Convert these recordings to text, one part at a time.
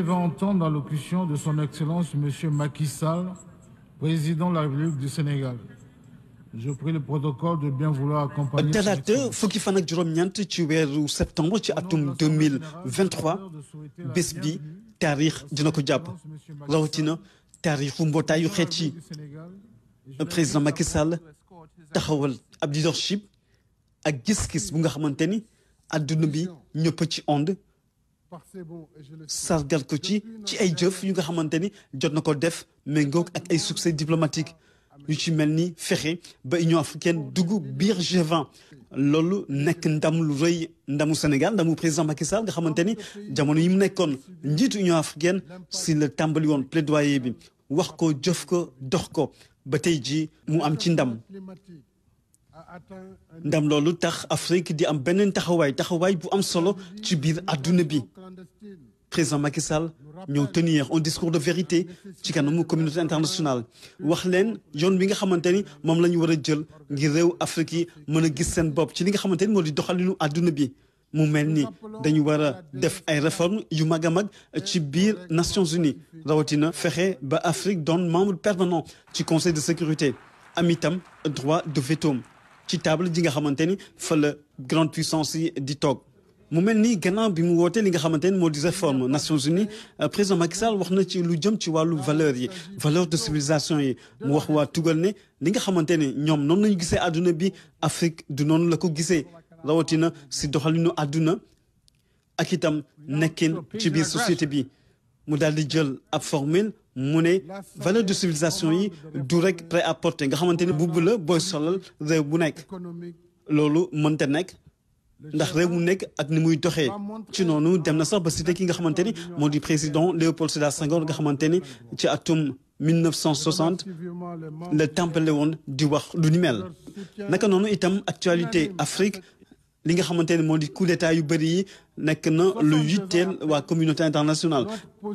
marqué 20 ans d'allocution de son fukki fan ak juróom-ñeent ci ci atum deux mille vingt-trois bés bi taarix dina ko jàpp rawatina taarixu mbootaayu xeet yi président Macky Sall taxawal ab leadership ak gis-gis bu nga xamante ni adduna bi ñëpp ci onde sargal ko ci ci ay jëf yu nga xamante ni jot na ko def méngoog ak ay succès diplomatique yu ci mel ni fexe ba Union africaine dugg biir G20 loolu nekk ndam lu rëy ndamu Sénégal ndamu président Macky Sall nga xamante ni jamono yi mu nekkoon njiitu Union africaine si la tàmbali woon plaidoyer bi wax ko jëf ko dox ko ba tey ji mu am ci ndam. ndam loolu tax Afrique di am beneen taxawaay taxawaay bu am solo ci biir adduna bi président Macky Sall ñëw tenir un discours de vérité ci kanamu communauté internationale wax leen yoon bi nga xamante ni moom la ñu war a jël ngi réew Afrique yi mën a gis seen bopp ci li nga xamante ni moo di doxalinu àdduna bi mu mel ni dañu war a def ay réformes yu mag a mag ci biir Nations Unies rawatina fexe ba Afrique doon membre permanent ci conseil de sécurité am itam droit de veto ci table ji nga xamante ni fa la grande puissance yi di toog. mu mel ni gannaaw bi mu wootee li nga xamante ni moo di réforme Nations Unies euh, président Macky Sall wax na ci lu jëm ci wàllu valeur yi valeur de civilisation yi mu wax waa tugal ne li nga xamante ni ñoom noonu lañu gisee àdduna bi Afrique du noonu la ko gisee rawatina si doxalinu àdduna ak itam nekkin ci biir société bi mu daal di jël ab formule mu ne valeur de civilisation yi du rek prêt apporté porter nga xamante ni bubb la booy solal réew bu nekk loolu mënta nekk ndax réew mu nekk ak ni muy doxee ci noonu dem na sax ba cité ki nga xamante moo di président Léopold Sédar Senghor nga xamante ni ci atum 1960 la tàmpale woon di wax lu ni naka noonu itam actualité Afrique li nga xamante ne moo di coup yu bëri yi nekk na lu yitteel waa communauté internationale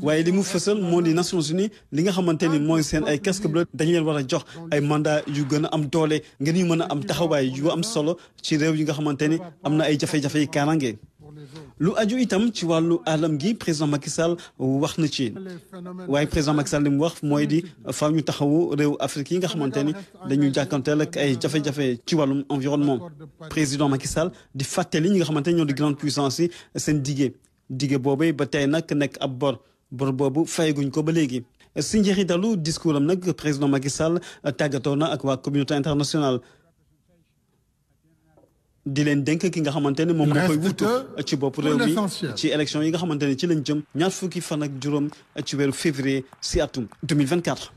waaye li mu fësal moo di Nations Unies li nga xamante ni mooy seen ay casque bleu dañu leen war a jox ay mandat yu gën a am doole ngir ñu mën a am taxawaay yu am solo ci réew yi nga xamante ni am na ay jafe-jafe yi lu aju itam ci wàllu alam gi président Macky Sall wax na ci waaye président Macky Sall li mu wax mooy di faaw ñu taxawu réew Afrique yi nga xamante ni dañu jàkkanteel ak ay jafe-jafe ci wàllum environnement président Macky Sall di fàttali ñu nga xamante ni ñoo di grande puissance yi seen diggé diggé boobee ba tey nag nekk ab bor bor boobu fayaguñ ko ba léegi. si njeexitalu discours am nag président Macky Sall tàggatoo na ak waa communauté internationale. di leen dénk ki nga xamante ne moom moo wutu ci bopp réew mi ci élection yi nga xamante ne ci lañ jëm ñaar fukki fan ak juróom ci weeru février si atum 2024